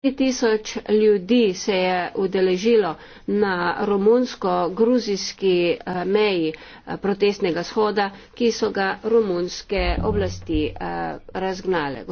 tri tisoč ljudi se je udeležilo na romunsko gruzijski eh, meji eh, protestnega shoda ki so ga romunske oblasti eh, razgnale.